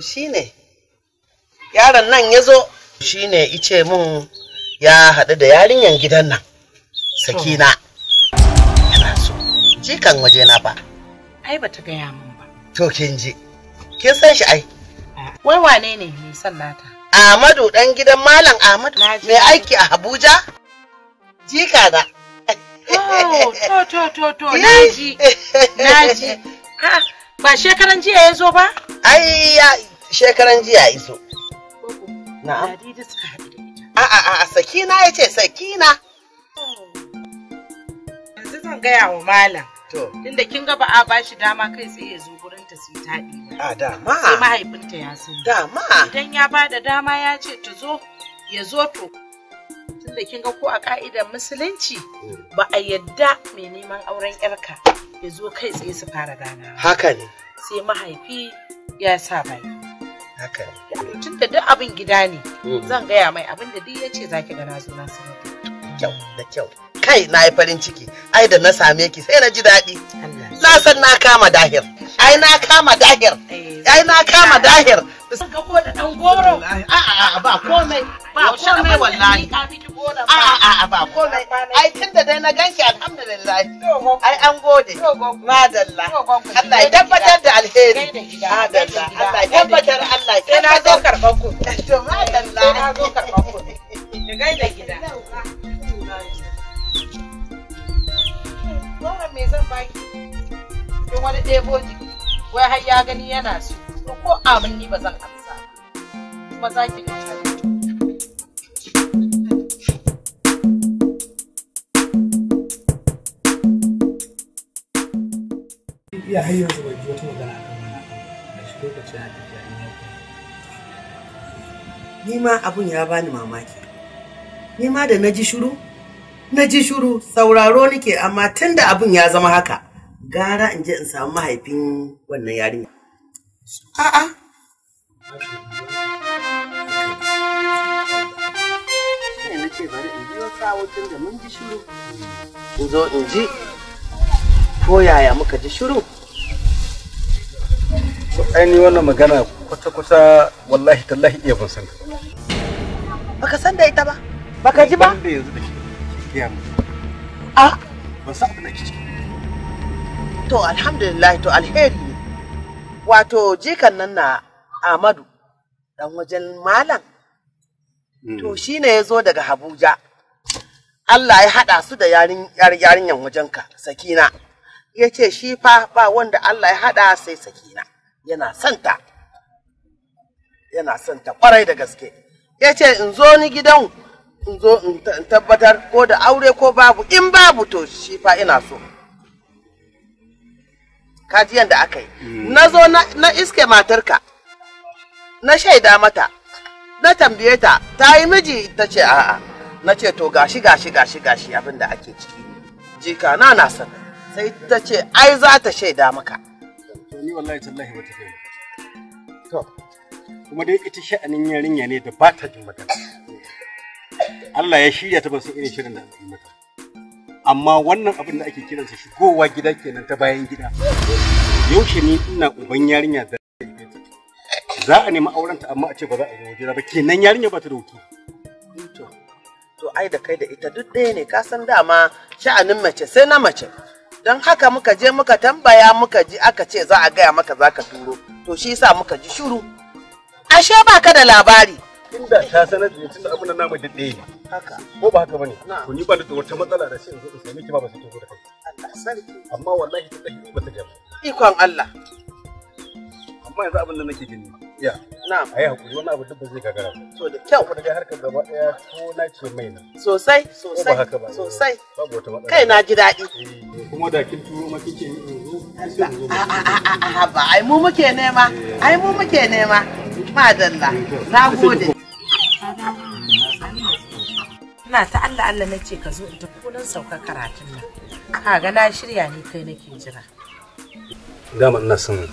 shine yaron nan ya zo shine ice mun ya haɗu da yarinyan gidan nan sakina yana so jikan waje na ba ai bata gaya mun ba to kin ji kin san shi ai wai wane ne mai nata Ahmadu dan gidan Malam Ahmadu mai aiki a Abuja jika da oh, to to to to naji eh. naji ah, ba shekaran jiya ya zo ba ai shekaran jiya iso na'am a a a sakina ya ce sakina yanzu zan gaya wa malam tunda kin ga ba a dama kai sai ya zo gurin ta su taɗi a dama sai mahaifinta ya san dama idan ya ba da dama ya ce ta zo ya zo to tunda kin ga ko a ka'idar musulunci hmm. ba a yadda mai neman auren yarka ya zo kai tsaye su fara gana haka ne sai mahaifi ya sa bai haka tun da duk abin gida ne mm. zan gaya mai abin da duk ya ce zaki ga na zo na sanar kyau da kyau kai na yi farin ciki ai da na same ki sai na ji daɗi na san na kama dahir ai na kama dahir eh. ai na kama dahir ka ko da dan goro a'a ba komai ba komai wallahi a a a ba ai da dai na ganki alhamdulillah ai an gode madalla Allah ya tabbatar da alheri madalla Allah ya tabbatar Allah ya na zo karban ku to madalla na zo karban ku gida me zan baki? wani ɗebo jiki, wai har ya gani yana so, ko abin ni ba zan amsa ba. Kuma za ki ga iya har yanzu bai ji wata magana akan wannan a shi lokacin ya tafi yayin yau ni ma abun ya bani mamaki ni ma da na ji shuru na ji shuru sauraro nake amma tun da abun ya zama haka gara in je in samu mahaifin wannan yarinya a'a ce bari in biyo kawo tun da mun ji shiru in zo in ji ko yaya muka ji shiru ainihin wannan magana kwata-kwata wallahi tallahi iya ban san baka san da ita ba baka ji ba da yanzu da shi ke a ban san abin da ke ciki to alhamdulillah to alheri ne wato jikan nan na Amadu dan wajen malam mm. to shine ya zo daga Habuja Allah ya haɗa su da yarinyan wajenka sakina ya ce shi fa ba wanda Allah ya haɗa sai sakina yana santa yana santa kwarai da gaske ya ce in zo ni gidan in zo in tabbatar ko da aure ko babu in babu to shi fa ina so kaji yadda aka yi mm. na zo na iske matarka na shaida mata na tambaye ta ta yi miji ta ce a'a na ce to gashi gashi gashi gashi abin da ake ciki jika na na san sai ta ce ai za ta shaida maka ni wallahi tallahi wata kai to kuma dai ita sha'anin yarinya ne da ba ta jin magana Allah ya shirya ta ba su irin shirin da aka mata amma wannan abin da ake kiransa shigowa gida kenan ta bayan gida yaushe ni ina uban yarinya da za a nemi aurenta amma a ce ba za a yi gida ba kenan yarinya ba ta da wuki to ai da kai da ita duk ɗaya ne ka san dama sha'anin mace sai na mace don haka muka je muka tambaya muka ji aka ce za a gaya maka za ka turo to shi yasa muka ji shiru ashe ba ka da labari inda ta sanar da tunda abin namu da ɗaya ne haka ko ba haka bane to ni ba da wata matsala da shi in zo in ba ba su turo da kai Allah sarki amma wallahi ta dake ba ta gaba ikon Allah amma yanzu abin da nake gani ya na'am ai wani abu duk ba zai gagara to da kyau kuma dai harkar gaba ko na ce mai sosai sosai eh, sosai babu wata matsala kai na ji daɗi eh, kuma da kin turo ma kike a ba ai mu muke nema eh. ai mu muke nema madalla na gode ina ta Allah Allah na ce ka zo in tafi kudin sauka karatun nan ka ga na shirya ni kai nake jira dama ina son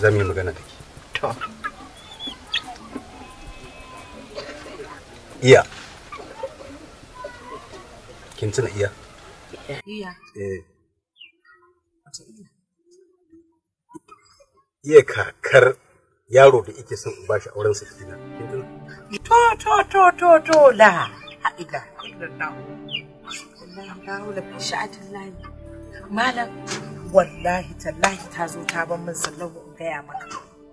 zamu yi magana take iya kin tuna iya iya eh iya kakar yaro da yake son ba shi auren sakina kin tuna to to to to la haɗiga malam wallahi tallahi ta ta ban sallahu maka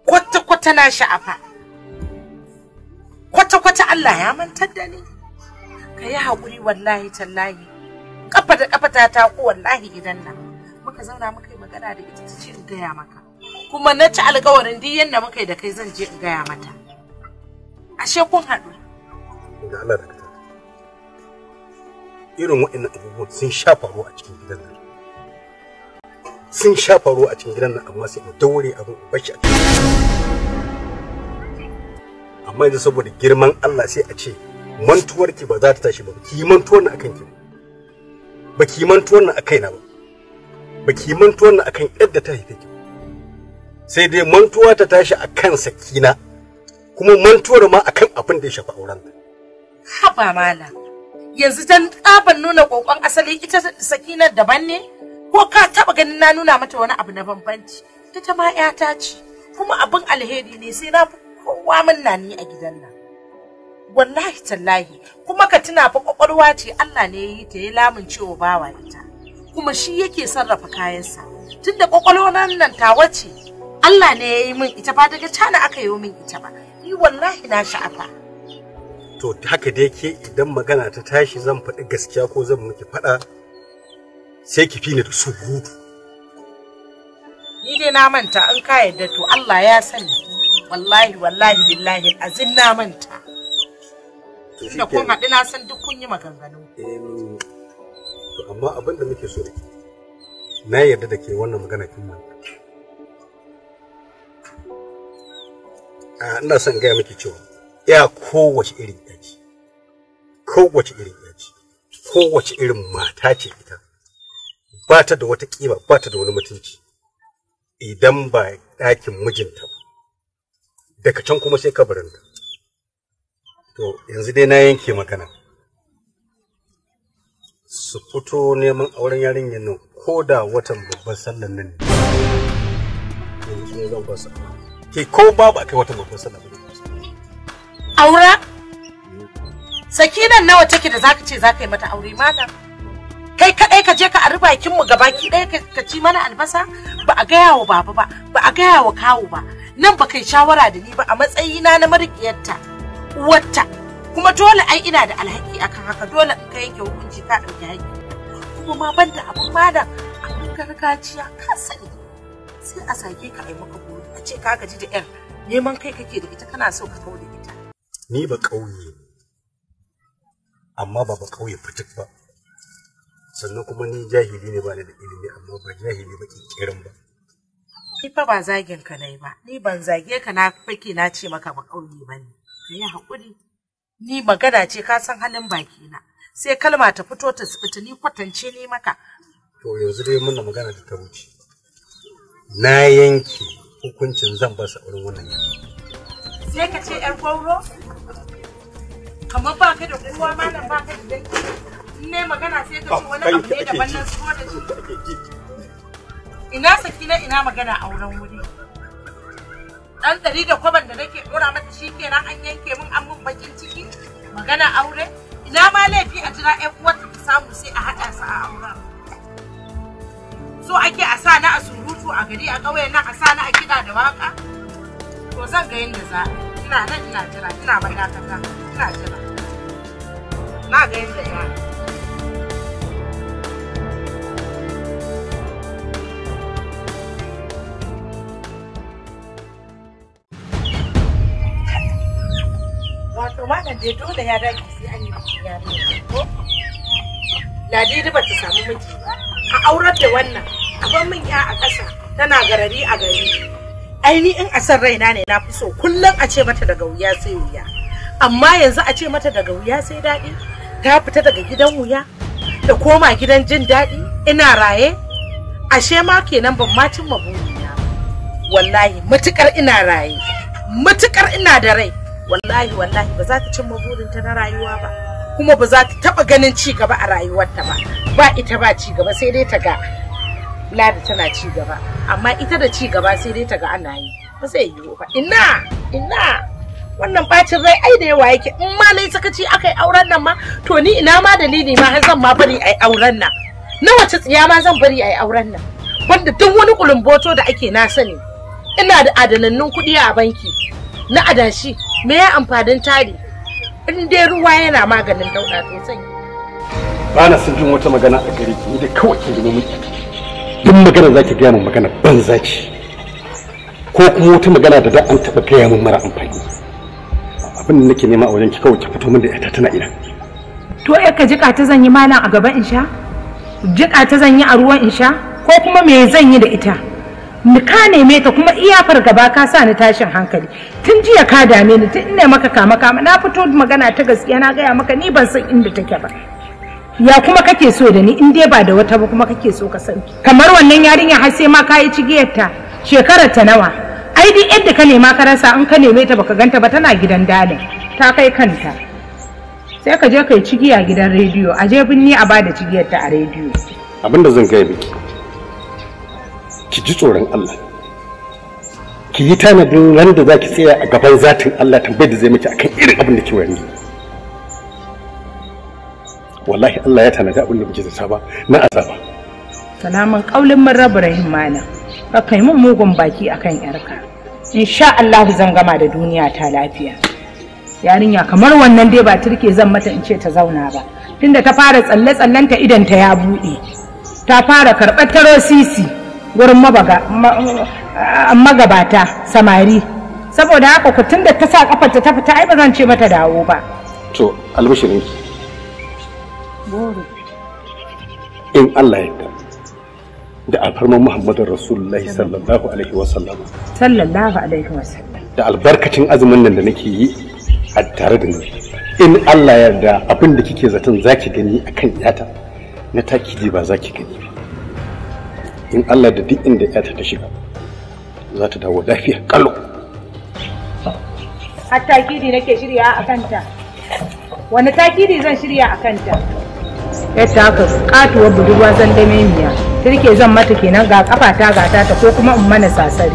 kwata-kwata na kwata-kwata Allah ya mantar da ni ka yi haƙuri wallahi tallahi kafa da kafa ta taƙo wallahi gidan nan muka zauna muka yi magana da ita ce in gaya maka kuma na ci alƙawarin duk yadda muka yi da kai zan je in gaya mata ashe kun haɗu da Allah da irin waɗannan abubuwan sun sha faruwa a cikin gidan nan sun sha faruwa a cikin gidan nan amma sai da daure abin bashi a cikin amma yanzu saboda girman Allah sai a ce mantuwar ki ba za ta tashi ba ki mantuwar na akan ki ba ki mantuwar na akan ina ba ba ki mantuwar na akan yadda ta haife ki sai dai mantuwa ta tashi akan sakina kuma mantuwar ma akan abin da ya shafi auren haba mala yanzu dan tsaban nuna kokon asali ita na daban ne ko ka taba ganin na nuna mata wani abu na bambanci ita ma ta ce kuma abin alheri ne sai na fi kowa munna ni a gidan nan wallahi tallahi kuma ka tuna fa kwakwalwa ce Allah ne ya yi ta ya lamuncewa bawa ita kuma shi yake sarrafa kayansa tunda kwakwalwa nan ta wace, Allah ne ya yi min ita ba daga cana aka yi min ita ba ni wallahi na sha'afa to haka da yake idan magana ta tashi zan faɗi gaskiya ko zan miki faɗa sai ki ni da su ni dai na manta an ka yadda to Allah ya sani wallahi wallahi billahi azin na manta da kun haɗu na san duk kun yi maganganu amma abin da muke so na yarda da ke wannan magana kin a ah, ina son gaya miki cewa ya kowace irin yaci kowace irin yaci kowace irin mata ce ita ba ta da wata kima ba ta da wani mutunci idan ba ɗakin mijinta ba daga can kuma sai ta. to yanzu dai na yanke magana su fito neman auren yarinyar nan ko da watan babban sallan nan ne yanzu ne zan kwasa ke ko babu kai watan babban sallan nan aura sakinan nawa take da zaka ce zaka yi mata aure mata kai kaɗai ka je ka a bakin mu gabaki ɗaya ka ci mana albasa ba a gaya wa baba ba ba a gaya wa kawu ba nan ba kai shawara da ni ba a matsayina na marikiyarta uwarta kuma dole ai ina da alhaki akan haka dole in ka yanke hukunci ka ɗauki haƙƙi kuma ma ban da abin malam abin gargajiya ka sani sai a sake ka ai maka buru a ce ka gaji da 'yar neman kai kake da ita kana so ka da ita ni ba ƙauye amma ba ba ƙauye fitik ba sannan kuma ni jahili ne ba da ilimi amma ba jahili ba ƙirƙirin ba Ki fa ba zagin ka nai ba, ni ban zage ka na fake na ce maka ba ƙauye ba ne. Ka Ni magana ce ka san halin baki na. Sai kalma ta fito ta sibiti ni kwatance ni maka. To yanzu dai muna magana da ta wuce. Na yanke hukuncin zan ba sa wurin wannan yanzu. Sai ka ce ‘yar gauro? Kamar ba ka da kowa malam ba ka da dangi Ne magana sai ka ce wani abu ne daban nan su da shi. ina sakina ina magana a wurin wuri dan dari da kwaban da nake dora mata shi kenan an yanke mun an mun bakin ciki magana aure ina ma laifi a jira ƴan uwarta ta samu sai a haɗa su a auren so ake a sa na a surutu a gari a ƙauyen nan a sa na a kiɗa da waka to zan ga yadda za ina nan ina jira ina bai ina jira na ga yadda za Wannan dai dole ya dace sai an yi bikin ko? Ladidi ba ta samu miji ba. A aurar da wannan, a min ya a ƙasa tana garari a gari. Ai ni in a san raina ne na fi so kullum a ce mata daga wuya sai wuya. Amma yanzu a ce mata daga wuya sai daɗi. Ta fita daga gidan wuya da koma gidan jin daɗi ina raye. Ashe ma kenan ban ma cimma burina. Wallahi matukar ina raye. matukar ina da rai wallahi wallahi ba za ta cin burinta na rayuwa ba kuma ba za ta taba ganin ci gaba a rayuwarta ba ba ita ba ci gaba sai dai ta ga ladi tana ci gaba amma ita da ci gaba sai dai ta ga ana yi ba zai yiwu ba ina ina wannan bacin rai ai da yawa yake in ma lai sakaci aka yi auren nan ma to ni ina ma dalili ma har zan ma bari ai yi auren nan na wace tsiya ma zan bari ai yi auren nan wanda duk wani kulumboto da ake na sani ina da adanannun kuɗi a banki na adashi me ya amfanin tari in dai ruwa yana maganin dauda to sai ba na jin wata magana a gare ki da kawai ke miki duk magana zaki gaya min magana banza ce ko kuma wata magana da da an taba gaya min mara amfani abin da nake nema a wajen ki kawai ki fito min da ita tana ina to ai ka jika ta zan yi malam a gaban in sha jika ta zan yi a ruwan in sha ko kuma me zan yi da ita ni ka neme ta kuma iyafar gaba ka sa ni tashin hankali tun jiya ka dame ni tun ina maka kama kama na fito magana ta gaskiya na gaya maka ni ban san inda take ba ya kuma kake so da ni in dai ba da wata ba kuma kake so ka san kamar wannan yarinya har sai ma kayi cigiyar shekarar ta nawa ai duk yadda ka nema ka rasa in ka neme ta baka ganta ba tana gidan dalin ta kai kanta sai ka je kai cigiya gidan rediyo a je binni a bada cigiyarta a rediyo abinda zan kai biki ki ji tsoron Allah ki yi tanadin ran da za ki tsaya a gaban zatin Allah tambayar da zai miki akan irin abin da ke wani wallahi Allah ya tanada abin da muke zata ba na azaba salaman kaulin mun rabu mana ka kai mun mugun baki akan yarka insha Allah zan gama da duniya ta lafiya yarinya kamar wannan dai ba turke zan mata in ce ta zauna ba tunda ta fara tsalle tsallenta idan ta ya buɗe ta fara karɓar taro sisi wurin magabata samari saboda haka ku tunda ta sa kafarta ta fita ai ba zan ce mata dawo ba to albishirinki in Allah ya da alfarman Muhammadu Rasulullahi sallallahu alaihi wasallam sallallahu alaihi wasallam da albarkacin azumin nan da nake yi a tare da ni in Allah ya yarda abin da kike zaton zaki gani akan yata na taki ji ba zaki gani in Allah da duk inda ya ta shiga za ta dawo lafiya kallo har takidi nake shirya a kanta wani takidi zan shirya a kanta yadda haka katuwar budurwa zan da memiya turke zan mata kenan ga kafata ga ta ko kuma in mana sasari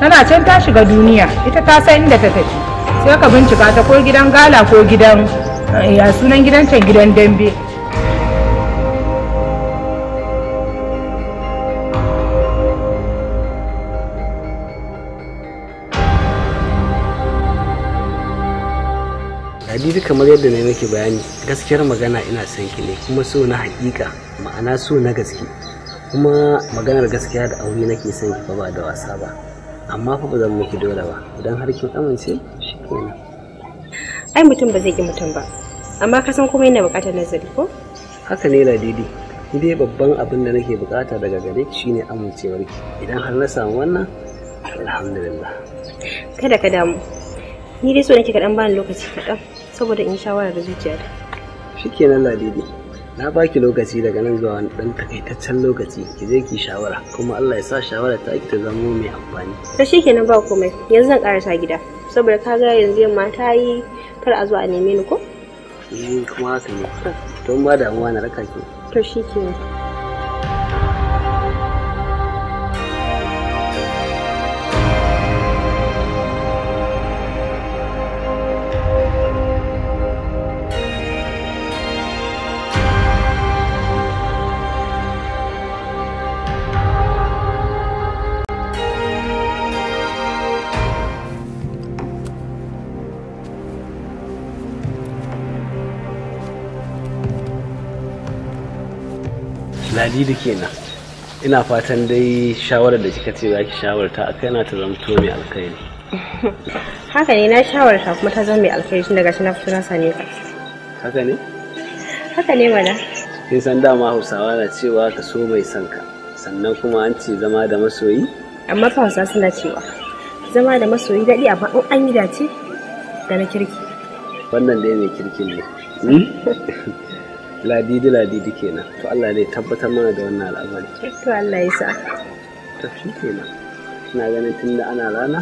tana can ta shiga duniya ita ta san inda ta tafi sai ka bincika ta ko gidan gala ko gidan eh, ya sunan gidan can gidan dambe yanzu kamar yadda na yi bayani gaskiyar magana ina son ki ne kuma so na hakika ma'ana so na gaske kuma maganar gaskiya da aure nake son ki ba da wasa ba amma fa ba zan miki dole ba idan har kin amince shi kenan ai mutum ba zai ki mutum ba amma ka san kuma yana buƙatar nazari ko haka ne ladidi ni dai babban abin da nake buƙata daga gare ki shine ki idan har na samu wannan alhamdulillah kada ka damu ni dai so nake ka dan bani lokaci kaɗan saboda in shawara da zuciya shikenan na daidai na baki lokaci daga nan zuwa wani dan takaitaccen lokaci ki je ki shawara kuma Allah ya sa shawara ta ki ta zamo mai amfani to shikenan ba komai yanzu zan karasa gida saboda ka ga yanzu yamma ta yi kar a zo a neme ni ko eh kuma haka ne don ba damuwa na raka ki to shikenan Sajidu kenan ina fatan dai shawarar da kika ce za ki shawarta a kaina ta zamto mai alkhairi haka ne na shawarta kuma ta zama mai alkhairi tun daga shi na fito na ne ka haka ne haka ne mana kin san dama hausawa na cewa ka so mai son ka sannan kuma an ce zama da masoyi amma fa hausa suna cewa zama da masoyi daɗi amma in an yi dace da na kirki wannan dai mai kirki ne ladidi ladidi kenan to Allah ne tabbatar mana da wannan al'amari to Allah ya sa to shi kenan ina ganin tunda ana rana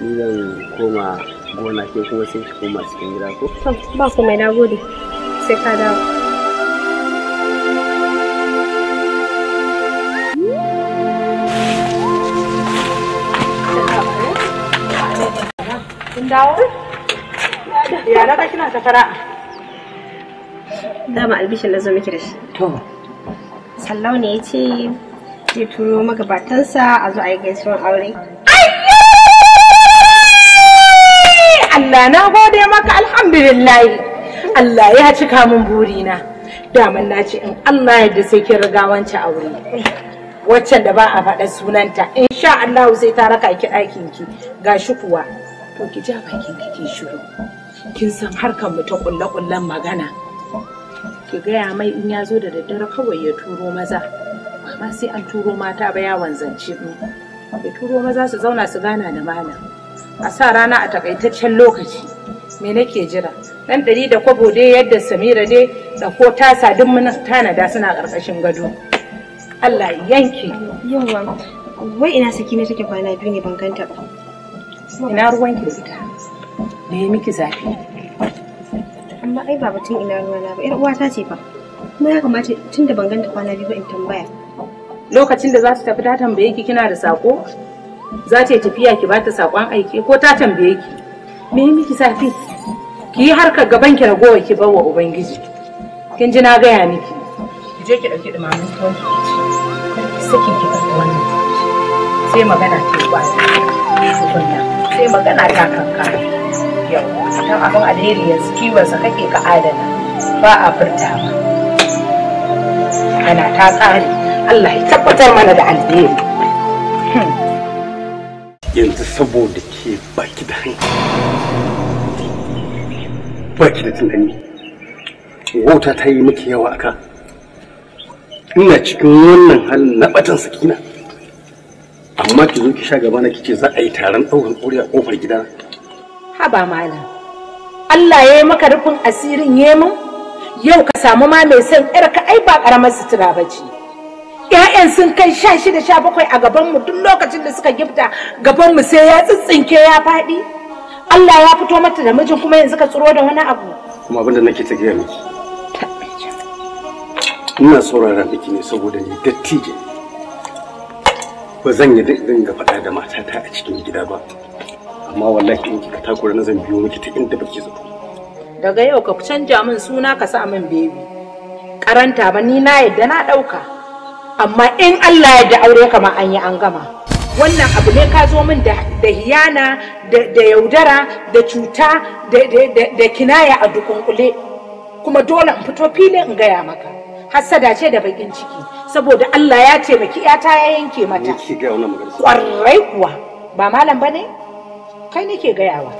ni zan koma gona ke kuma sai ki koma cikin gida ko ba ku mai nagode sai ka dawo dawo? Yara ka kina ta dama albishin na zo miki da shi to sallau ne ya ce zai turo magabatansa a zo a yi gaisuwar aure Allah na gode maka alhamdulillah Allah ya cika min burina daman na ce in Allah yadda sai kin riga wancan aure waccan da ba a faɗa sunanta insha Allah sai ta raka ki ɗakinki ki shi kuwa to ki ja bakin ki ki shiru kin san harkan mu ta kulle-kullen magana ki gaya mai in ya zo da daddare kawai ya turo maza Amma sai an turo mata ba yawon zance ya turo maza su zauna su gana da mana. a sa rana a takaitaccen lokaci me nake jira dan dari da kwabo dai yadda samira dai da ko tasa duk mun tanada suna ƙarƙashin gado Allah ya yanke yawa wai ina saki ne take kwana biyu ne ban ganta ba ina ruwan ki da ita me miki zafi amma ai ba batun ina ruwana ba 'yar uwata ce fa kuma ya kamata tun da ban ganta kwana biyu ba in tambaya lokacin da za ta tafi ta tambaye ki kina da sako za ta tafiya ki bata sakon aiki ko ta tambaye ki me yi miki safi ki yi harkar gaban ki ragowa ki bawa ubangiji kin ji na gaya miki ki je ki ɗauki dumamin tuwon ki saki ki karɓi wannan sai magana ta ba sai magana ta kanka yau fatan abin alheri yanzu kiwonsa kake ka adana ba a furta ba ana ta tsari Allah ya tabbatar mana da alheri hmm. yanzu saboda ke baki da hankali baki da tunani wauta ta yi miki yawa aka ina cikin wannan halin na batan sakina amma ki zo ki sha gaba na kice za a yi taron ɗaurin aure a ƙofar gidana haba malam Allah ya yi maka rufin asirin ya yau ka samu ma mai son ka ai ba karamar sutura ba ce ƴaƴan sun kai sha shida sha bakwai a gaban mu duk lokacin da suka gifta gaban mu sai ya tsitsinke ya faɗi Allah ya fito mata da mijin kuma yanzu ka tsoro da wani abu kuma abin da nake ta gaya miki ina saurara miki ne saboda ni dattijo ba zan yi dinga faɗa da matata a cikin gida ba amma wallahi in ka takura na zan biyo miki ta inda baki zato daga yau ka canja min suna ka sa min bebi karanta ba ni na yadda na ɗauka. amma in Allah ya da aure kama an yi an gama wannan abu ne ka zo min da hiyana da yaudara da cuta da kinaya a dukunkule kuma dole in fito fili in gaya maka hassada ce da bakin ciki saboda Allah ya taimaki 'yata ya yanke mata kwarai kuwa ba malam bane ne kai nake gayawa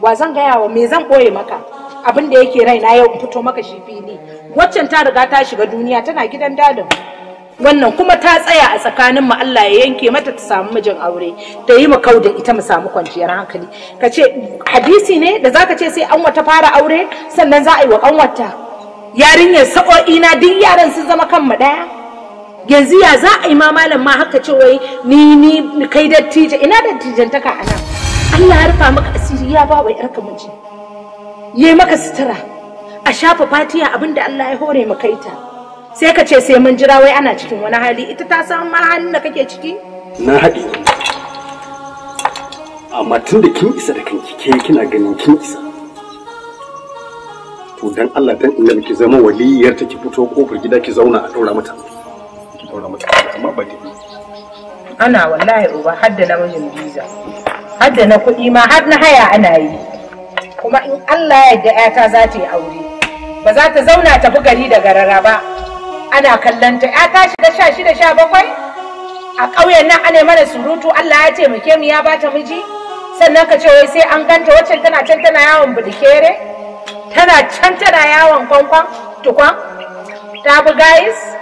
wa zan gayawa me zan boye maka abin da yake raina yau fito maka shi fili waccan ta riga ta shiga duniya tana gidan dadin wannan kuma ta tsaya a tsakanin mu Allah ya yanke mata ta samu mijin aure ta yi mu da ita mu samu kwanciyar hankali ka ce hadisi ne da zaka ce sai an wata fara aure sannan za a yi wa kanwata yarinyar sa'o'i na duk yaran sun zama kan mu daya yanzu ya za a yi ma malam ma haka ce wai ni ni kai dattijo ina dattijantaka a nan Allah ya rufa maka asiri ya ba wa yarka miji yi maka sutura a shafa fatiya abinda Allah ya hore maka ita sai ka ce sai mun jira wai ana cikin wani hali ita ta san ma hannun da kake ciki na haɗe. amma tun da kin isa da kanki ke kina ganin kin isa to dan Allah dan inda ki zama waliyar ta ki fito kofar gida ki zauna a daura mata ki daura mata amma ba ana wallahi uba har da namijin biza har da na kuɗi ma har na haya ana yi kuma in Allah ya yarda yata za ta yi aure ba za ta zauna ta gari da garara ba ana kallon ta yata shiga sha shida sha bakwai a ƙauyen nan ana mana surutu Allah ya taimake mu ya ta miji sannan ka ce wai sai an ganta wacce tana can tana yawon budikere tana can tana yawon kwankwan tukwan ta bi gayis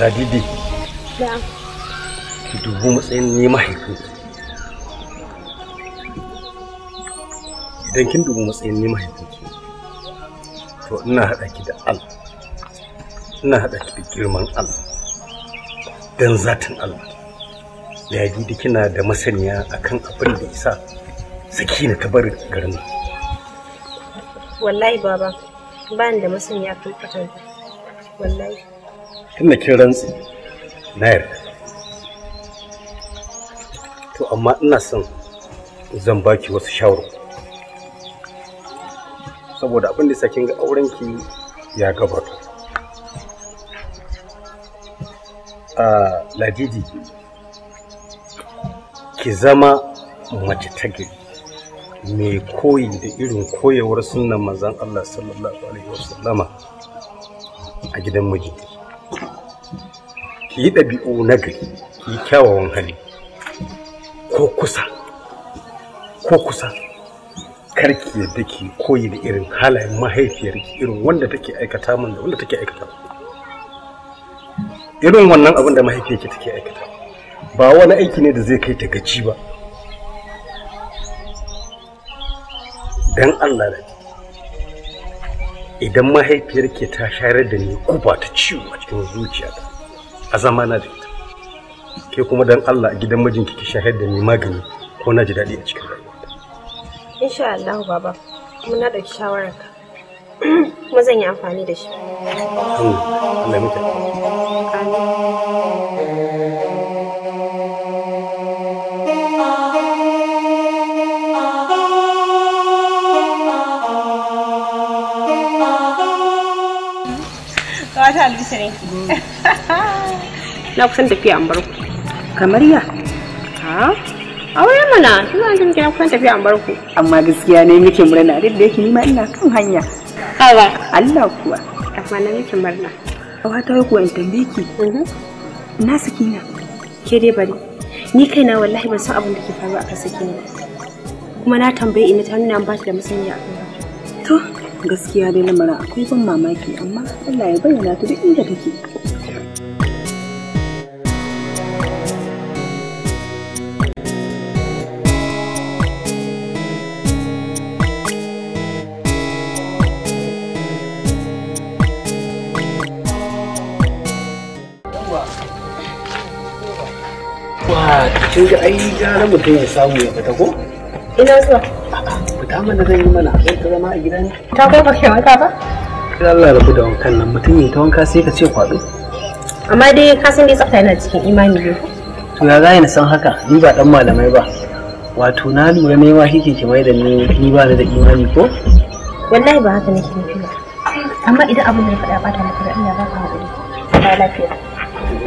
radidi Da. Ki dubu matsayin ni mahaifin. Idan kin dubu matsayin ni mahaifin to ina haɗa ki da Allah. Ina haɗa ki da girman Allah. Dan zatin Allah. Ladidi kina da masaniya akan abin da isa sakina ta bar garin Wallahi baba, ba ni da masaniya akan kwatanta. Wallahi. tunda kin rantsi na yarda to amma ina son zan baki wasu shawarar saboda abin da sakin ga aurenki ya gabata a ladidi ki zama mace ta gari mai koyi da irin koyewar sunan mazan Allah sallallahu alaihi wasallama a gidan mijinki ki yi ɗabi'u na gari ki yi kyawawan hali ko kusa ko kusa karki yadda ki koyi da irin halayen ki irin wanda take aikata min da wanda take aikata irin wannan abin da mahaifiyarki take aikata ba wani aiki ne da zai kai ta gaci ba dan Allah da idan mahaifiyar ke ta shayar da ni kuba ta ciwo a cikin zuciyata a na da ita ke kuma dan Allah gidan mijinki ki shahar da ni magani ko na ji daɗi a cikin rayuwata insha Allah baba na da shawarar ka kuma zan yi amfani da shi Allah mutane Kawata albisa ne na kusan tafiya an barku kamar ya ha wurin mana ina jin kina kusan tafiya an barku amma gaskiya ne muke murna duk da yake ni ma ina kan hanya kawa Allah kuwa amma na muke murna wata ku in tambaye ki mhm. na sakina ke dai bari ni kaina wallahi ban san abin da ke faru a kan sakina kuma na tambaye ina ta nuna ba da a kan to gaskiya dai lamarin akwai ban mamaki amma Allah ya bayyana ta duk inda take kin ga ai gara mutum ya samu ya fita ko ina zuwa fita mana zan yi mana zan ta zama a gida ne ta kai ba kai wanka ba Allah rabu da wankan nan mutum ya ta wanka sai ka ce kwaɗo amma dai ka san dai tsafta yana cikin imani ne to ya za na san haka ni ba dan malamai ba wato na lura ne ma kike ki mai da ni ni ba da imani ko wallahi ba haka nake nufi ba amma idan abin da ya faɗa ba ta maka da ina ba ka haƙuri ba lafiya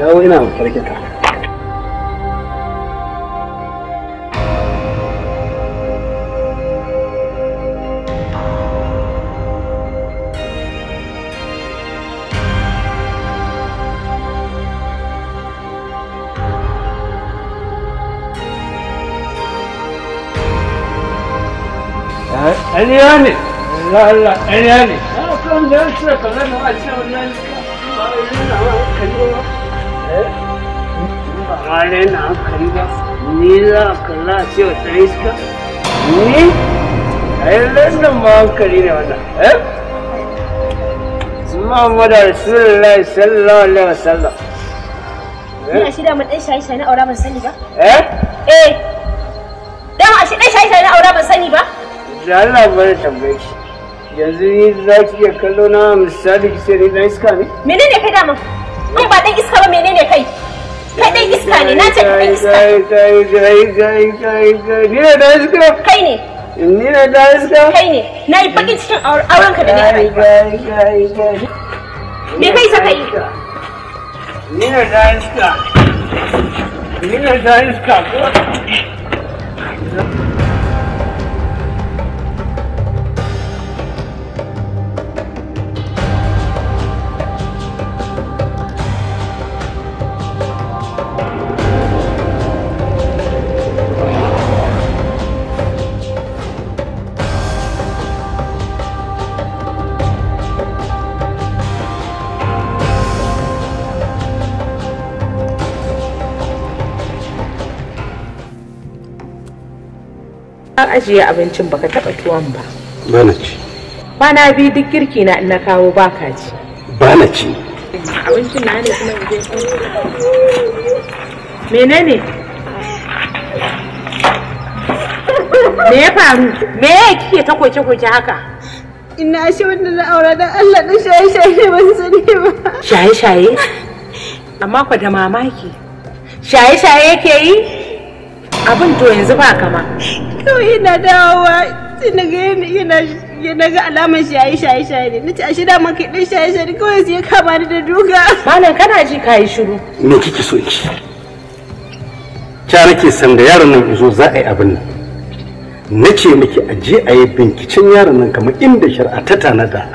na ina farkinka ƙarya ne Allah ne kan ba hankali ba eh? ba hankali ba ni za a a ni a yi ba hankali ne eh Muhammad Rasulullah sallallahu alaihi wasallam eh? shi da na aura ban sani ba? Eh? Eh. Dan dan shaye-shaye na aura ban sani ba? da Allah bari yanzu ni za ki iya kallo na misali sai dai ni dan iska ne ne kai dama an ba dan iska ba ne kai kai dan iska ne na ce dan iska kai kai kai kai kai kai ni ne dan iska kai ne ni ne dan iska kai ne na yi bakin cikin auren ka da ne kai kai kai me kai sa kai ni ne dan iska ni ne dan iska ajiye abincin baka taba tuwon ba ba na ci kwana bi duk girki na ina na kawo baka ci ba na ci abincin na ne kuma je menene me ya faru me ya kike ta koke koke haka ina shi wanda na aura dan Allah dan shaye shaye ban sani ba shaye shaye amma kwa da mamaki shaye shaye yake yi abin to yanzu ba kama kawai yana dawowa yana ga alamar shaye shaye shaye ne nace ashe da man kai dan shaye shaye kawai sai ya kama ni da duka malam kana ji ka yi shiru me kike so ki ta nake san da yaron nan zo za a yi abin nan nace miki a je a yi binkicin yaron nan kamar inda shari'a ta da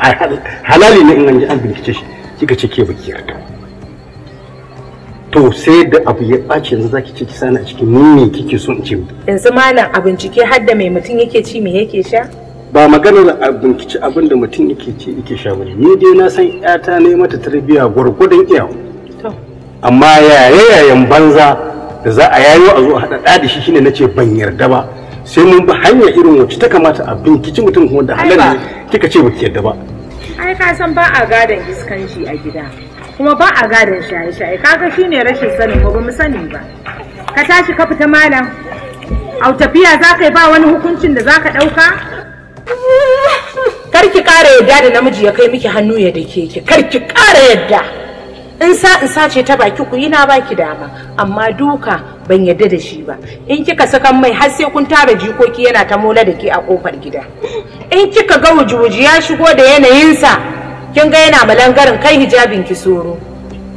halali ne in an je an binkice shi kika ce ke baki yarda to sai da abu ya ɓaci yanzu zaki ce kisa na cikin ni kike so in ce yanzu malam a bincike har da mai mutum yake ci me yake sha ba maganar abin bincike abin da mutum yake ci yake sha bane ni dai na san ƴata ne mata tarbiyya gwargwadon iyawa amma yaye yayan banza da za a yayo a zo a haɗa da shi shine nace ban yarda ba sai mun bi hanya irin wacce ta kamata a binkici mutum kuma da halal ne kika ce baki yarda ba ai ka san ba a gadon iskanci a gida kuma ba a gadon shaye-shaye kaga shine rashin sanin ba mu sani ba ka tashi ka fita malam au tafiya za ka ba wani hukuncin da za ka ɗauka karki ƙara yadda da namiji ya kai miki hannu ya dake ki karki ƙara yadda in sa in sace ta baki ku yi na baki dama amma duka ban yadda da shi ba in kika sakan mai har sai kun tara jikoki yana ta mola da ke a kofar gida in kika ga wuji ya shigo da yanayinsa kin ga yana malangarin kai hijabin ki soro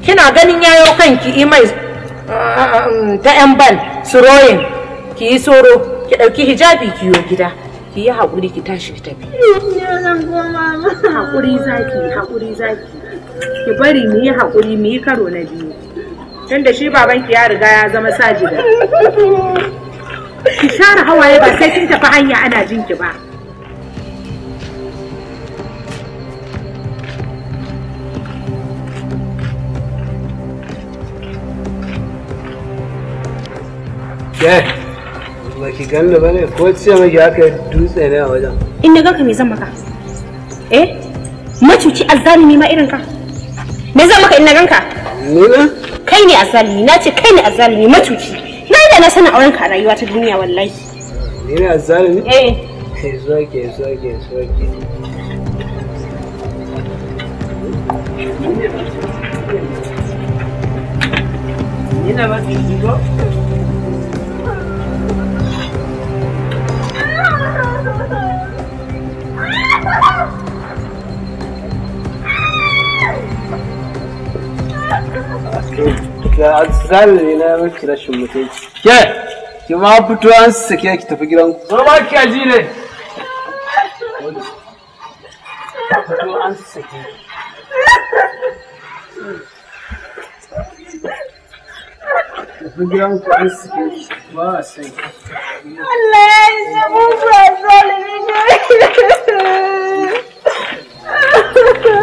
kina ganin yayo kanki imai um, ta yan bal suroyin ki yi soro ki dauki hijabi ki yo gida ki yi haƙuri ki tashi ki tafi haƙuri zaki haƙuri zaki ki bari mu yi haƙuri mu yi karo na biyu tunda shi babanki ya riga ya zama sajida ki share hawaye ba sai kin tafi hanya ana jinki ba ba ki ganna ba ne ko ce mai dutse ne a wajen. In na ka me zan maka? Eh? Macuci azzalimi ma irin ka. Me zan maka in na ganka? Ni Kai ne azzalimi, na ce kai ne azzalimi macuci. Na yi da na sanin auren ka a rayuwa ta duniya wallahi. Ni ne azzalimi? Eh. ke ke ke. Ni ba ki ga zalli na miki rashin mutunci ke ki ma fito an sake ki ne fito an sake tafi gidan ku an sake ba Allah ya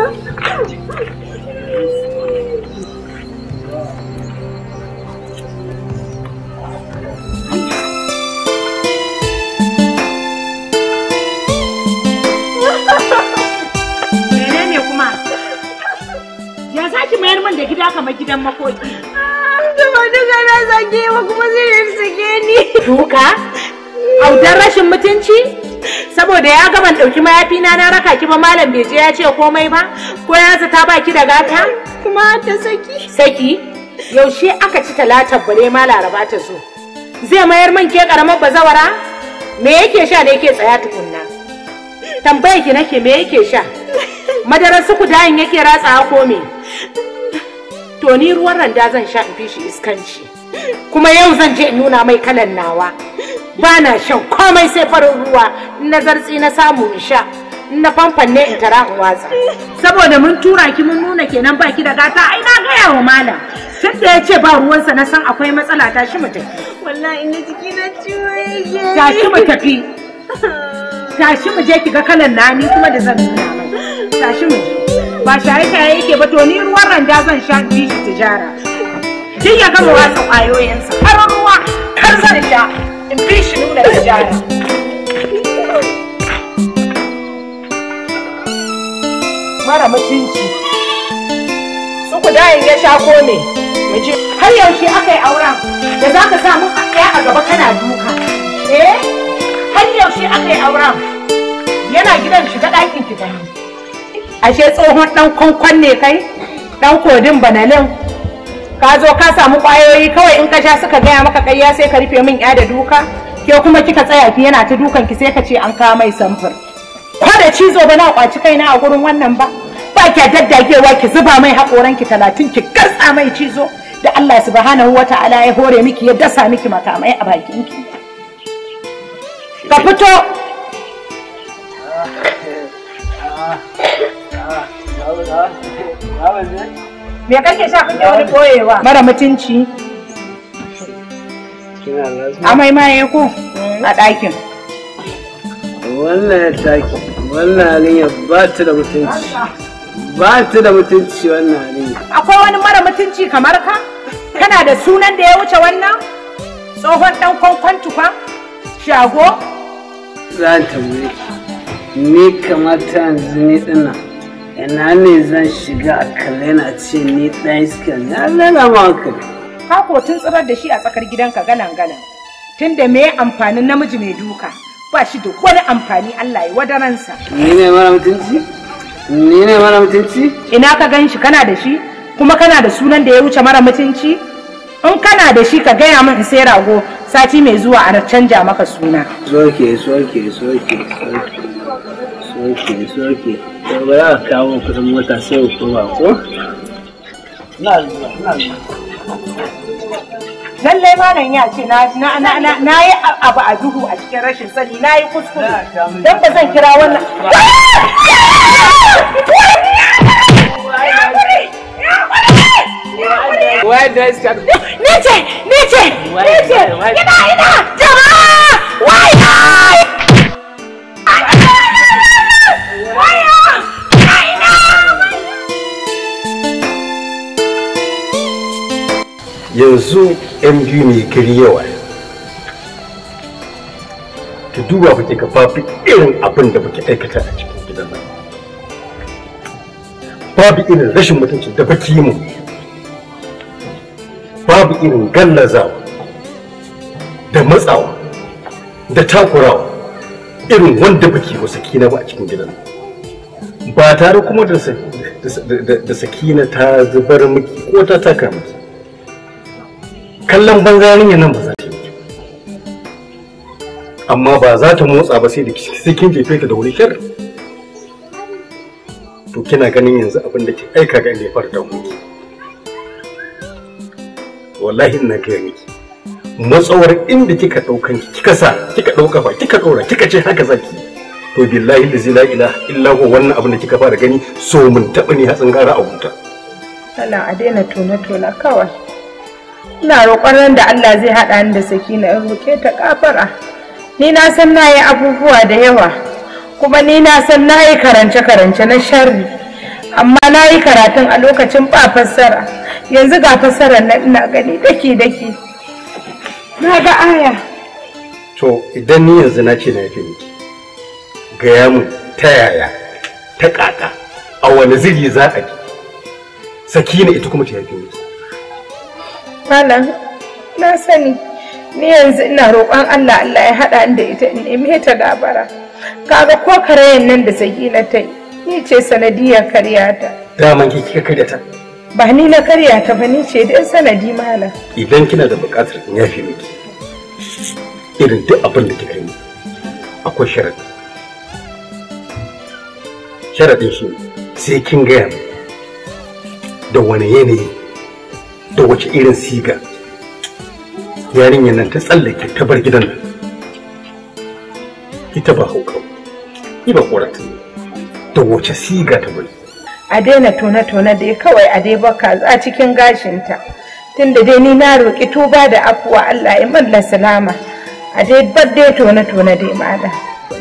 min da gida kamar gidan makoki. Zuma duka na zage ba kuma ni. Duka? Autar rashin mutunci? Saboda ya gaban ɗauki mayafi na na raka ki ba malam bai je ya ce komai ba ko ya zata baki da gata? Kuma ta saki. Saki? Yaushe aka ci talatar bare ma laraba ta zo. Zai mayar man ke karamar bazawara? Me yake sha da yake tsaya tukunna? Tambaya ki nake me yake sha? Madarar suku dayin yake ratsawa ko me? to ni ruwan randa zan sha in fi shi iskanci kuma yau zan je in nuna mai kalan nawa ba na shan komai sai farin ruwa na zartsi na samu in sha na famfan ne in tara in watsa saboda mun tura ki mun nuna kenan ba ki da gata ai na gaya wa malam sai da ya ce ba ruwansa na san akwai matsala ta shi mu tafi wallahi ina jiki na ciwo yake ta shi mu tafi tashi mu je ki ga kalan nani kuma da zan nuna mai tashi mu je ba shaye-shaye yake ba to ni ruwan randa zan sha shi ji shi tijara duk ya gama watsa ƙwayoyinsa har ruwa har zan sha in bi shi nuna tijara mara mutunci su ku dayin ya sha ko ne har yaushe aka yi auren da za ka sa mun a gaba kana duka eh har yaushe aka yi auren yana gidan shiga ɗakin ki gani ashe tsohon dan kwankwan ne kai dan kodin banalin ka zo ka samu kwayoyi kawai in ka sha suka gaya maka kayya sai ka rufe min ya da duka ke kuma kika tsaya ki yana ta dukan ki sai ka ce an kawo mai samfur ko da cizo ba na kwaci kaina a gurin wannan ba ba ki daddagewa ki zuba mai haƙoran ki talatin ki gartsa mai cizo da Allah subhanahu wa ta'ala ya hore miki ya dasa miki makamai a bakin ki ka fito Me kake sha kake wani boyewa? Mara mutunci. Amai ma ya ko a ɗakin. Wannan ya taki, wannan halinya ba ta da mutunci. Ba ta da mutunci wannan halinya. Akwai wani mara mutunci kamar ka? Kana da sunan da ya wuce wannan? Tsohon ɗan kwankwan tukwa? Shago? Za ta ni kamata yanzu ni dinnan. ina ne zan shiga a kalena ce ni ɗan iska na lala maka ka ko tun tsirar da shi a tsakar gidanka galan galan tunda me amfanin namiji mai duka ba shi da wani amfani Allah ya wadaransa ni ne mara mutunci ni ne mara mutunci ina ka gan shi kana da shi kuma kana da sunan da ya wuce mara mutunci in kana da shi ka gaya min sai rago sati mai zuwa a canja maka suna soke soke soke soke soke soke ba za ka kawo kuɗin mota sai ku ko na lura? na lallai ya ce na yi abu a duhu a cikin rashin sani na yi kuskure don ba zan kira wannan Why do I start? Nietzsche! Nietzsche! Nietzsche! Ina! Ina! Jama'a! Why yanzu mg mai kiri yawa ki duba ku ka babu irin abin da baki aikata a cikin gidan nan babu irin rashin mutunci da baki mu babu irin gallazawa da matsawa da takurawa irin wanda baki ko sakina ba a cikin gidan ba tare kuma da sakina ta zubar miki ko ta taka miki kallon banza yarinya nan ba za ta yi amma ba za ta motsa ba sai da sai jefe ta da wuri kyar to kina ganin yanzu abin da ke aika ga ne da ku wallahi ina gaya miki matsawar inda kika daukan kika sa kika dauka ba kika kaura kika ce haka zaki to billahi lazi la ilaha illa ko wannan abin da kika fara gani so mun taba ne hatsin gara a wuta Allah a daina tona tona kawai ina roƙon ran da Allah zai haɗa ni da sakina in roƙe ta kafara ni na san na yi abubuwa da yawa kuma ni na san na yi karance-karance na sharri amma na yi karatun a lokacin ba fassara yanzu ga fassarar na ina gani daki-daki na ga aya to idan ni yanzu na ce na yafi ni gaya mu ta yaya ta kaka a wani ziri za a bi sakina ita kuma ta yi ni malam na sani ni yanzu ina roƙon Allah Allah ya haɗa da ita in nemi ta gabara kaga ko karayen nan da na ta yi ni ce sanadiyar karya ta daman ki kika karya ta ba ni na karya ta ba ni ce dan sanadi malam idan kina da buƙatar in yafe miki irin duk abin da kika yi akwai sharadi sharadin shi sai kin gaya da wani yanayi da wace irin siga yarinyar nan ta tsallake ta bar gidan nan ita ba hauka ni ba korata da wace siga ta bari a daina tona-tona dai kawai a dai baka a cikin gashinta tunda dai ni na roƙi tuba da afuwa Allah ya malla salama a dai bar dai tona-tona dai mala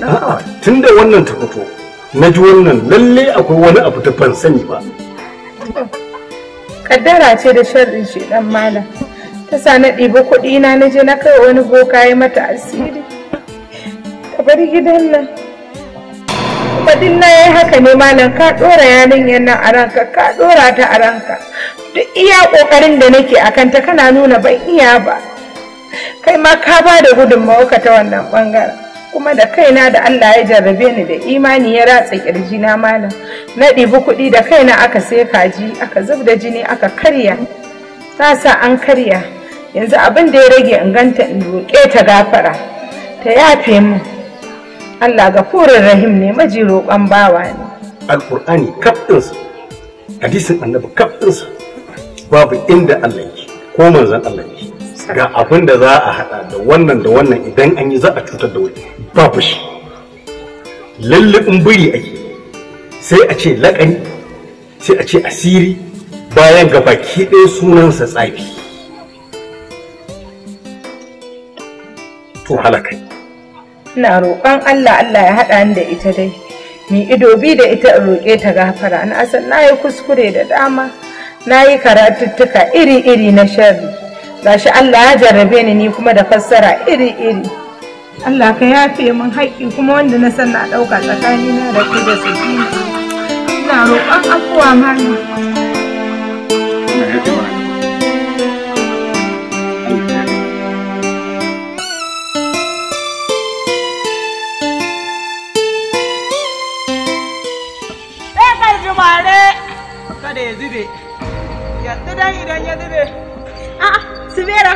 a'a tunda wannan ta fito na ji wannan lalle akwai wani abu da ban sani ba kaddara ce da ce ɗan malam ta sa na ɗiba kuɗi na na je na kai wani boka ya mata asiri ta bar gidan nan kwadin na ya haka ne malam ka ɗora yarinyar nan a ranka ka ɗora ta a ranka duk iya ƙoƙarin da nake a kanta kana nuna ban iya ba kai ma ka ba da gudunmawa ta wannan ɓangaren kuma da kaina da Allah ya jarrabe ni da imani ya ratsa kirji na malam na ɗibi kuɗi da kaina aka sai kaji aka zub da jini aka karya ta sa an karya yanzu abin da ya rage in ganta in roƙe ta gafara ta yafe min Allah ga furin rahim ne maji roƙon bawa ne alƙur'ani kaftinsa hadisin annabi kaftinsa babu inda Allah yake ko manzon Allah yake ga abin da za a haɗa da wannan da wannan idan an yi za a cutar da wani ba fushi in biri ake sai a ce laƙani sai a ce asiri bayan ga baki ɗaya sunansa tsafi to halaka ina roƙon Allah Allah ya haɗa ni da ita dai ni ido bi da ita in roƙe ta gafara na san na yi kuskure da dama na yi karatuttuka iri-iri na sharri gashi Allah ya jarrabe ni ni kuma da fassara iri-iri Allah ka yafe min haƙƙi kuma wanda na san na ɗauka na da ke da su. ina roƙon afuwa ma Kada ya zube, yanzu dan idan ya zube. Sumera.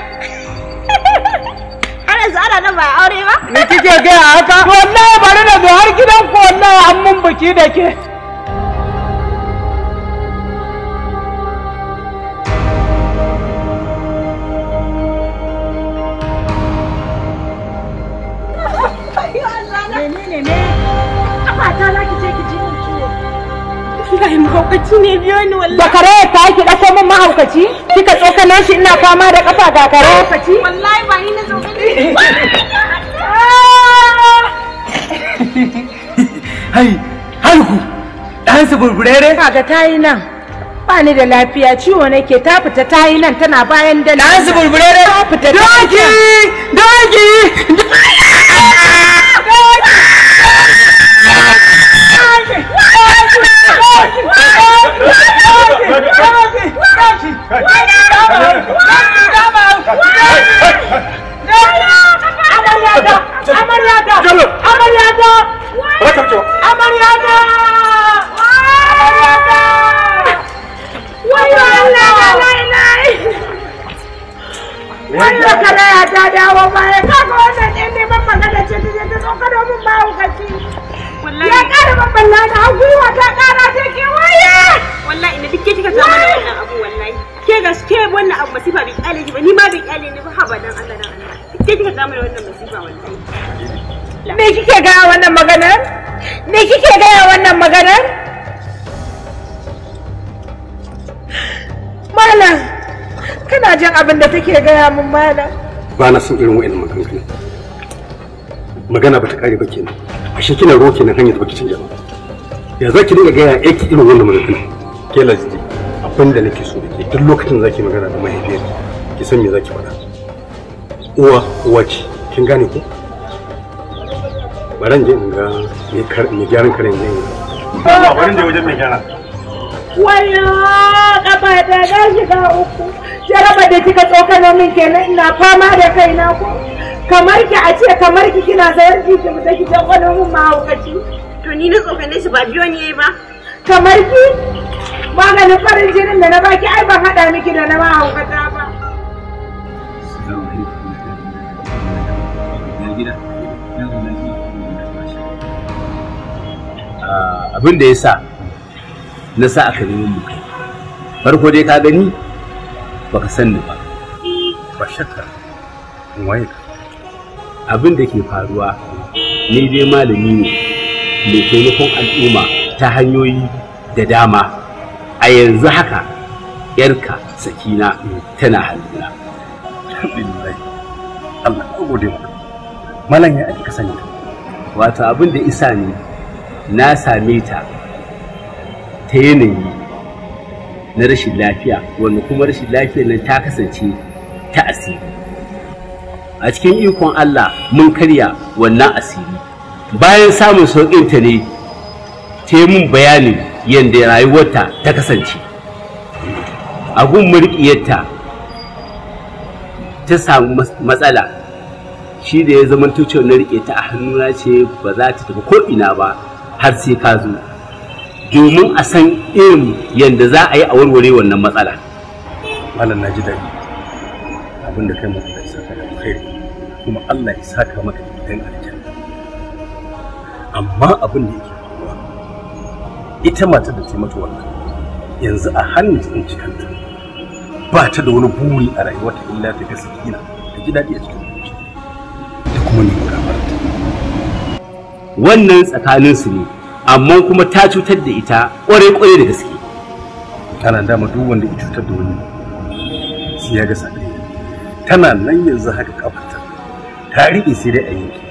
Har yanzu ana ba aure ba? Ni kike ga haka? Wallahi bari na zo har gidan ko wallahi an mun biki da ke. wallahi mahaukaci ne biyo ni wallahi da kare ta ki dako min mahaukaci kika tsokana shi ina fama da kafa ga kare mahaukaci wallahi ba ni na tsokane hai halku dan su burburere kaga tayi nan ba ni da lafiya ciwo nake ta fita tayi nan tana bayan da dan su burburere ta fita doki doki doki na da gwiwa ta kara ta kewaye. Wallahi ina duk ke kika wannan abu wallahi. Ke gaske wannan abu masifa kyale ki ba ni ma kyale ni ba haba dan Allah dan Allah. ke kika wannan masifa wallahi. Me kike wannan maganar? Me kike gaya wannan maganar? Malam, kana jin abin da take gaya min malam. Ba na son irin wa'annan magana ba ta kare ba kenan ashe kina roke nan hanyar ba canja ba ya za ki dinga gaya yake irin wanda magana ke lasdi abin da nake so da ke duk lokacin za ki magana da mahaifiyar ki san me za ki faɗa uwa uwa ce kin gane ko baran je in ga mai gyaran karen zai yi ba baran je wajen mai gyara wayo kafa da na shiga uku jaraba da kika tsokano min kenan ina fama da kaina ko kamar ki a ce kamar ki kina sayar ki ki mu take tsokano min mahaukaci To ni na tsokane shi ba biyo ni ba. Kamar ki maganin farin jinin da na baki ai ban haɗa miki da na mahaukata ba. Ah, abin da ya sa na sa aka nemo mu kai. Farko dai ka gani baka san ni ba. Ba shakka. Waye Abin da ke faruwa ni dai malami ne mai taimakon al'umma ta hanyoyi da dama a yanzu haka yarka sakina tana hannuna ya aika sani wato abin da isa ne na same ta ta yanayi na rashin lafiya wanda kuma rashin lafiya nan ta kasance ta asiri a cikin ikon Allah mun karya wannan asiri bayan samun sauƙin ta ne ta yi mun bayanin yadda rayuwarta ta kasance abun murƙiyarta ta samu matsala shi da ya zama tuce na riƙe ta a hannuna ce ba za ta tafi ko ina ba har sai ka zo domin a san irin yadda za a yi a warware wannan matsala malam na ji daɗi abin da kai maka da ka da kuma Allah ya ka maka da gidan amma abin da yake faruwa ita mata da ta mata wannan yanzu a hannun cikin cikanta ba ta da wani buri a ta illa ta gaskiya ta ji daɗi a cikin zuciya da kuma ne gafarta wannan tsakanin su ne amma kuma ta cutar da ita ƙwarai ƙwarai da gaske tana dama duk wanda ya cutar da wani shi ya ga sakai tana nan yanzu haka kafarta ta riƙe sai dai a yanki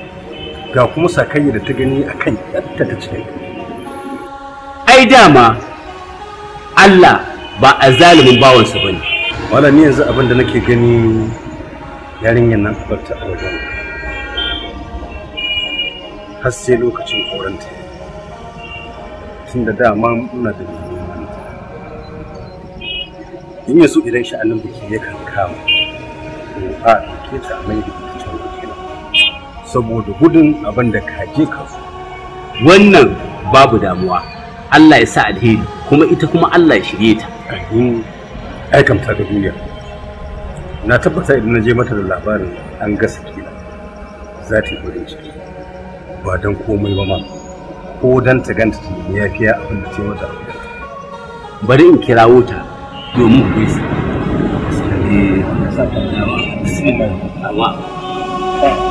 ga kuma sakayya da ta gani a kan yadda ta cikin ai dama Allah ba a zalimin bawansa ba ne wala ni yanzu abin da nake gani yarinyar nan ta a wajen har sai lokacin aurenta, tun da dama muna da in yaso idan sha'anin biki yakan kama to a ɗauke ta mai biki saboda gudun abin da ka je ka wannan babu damuwa Allah ya sa alheri kuma ita kuma Allah ya shirye ta aikamta ta duniya na tabbata idan na je mata da labarin an gasa kila za ta yi farin ciki ba don komai ba ma ko don ta ganta ta yi yafiya abin da ta yi mata bari in kirawo ta domin ku yi Thank you.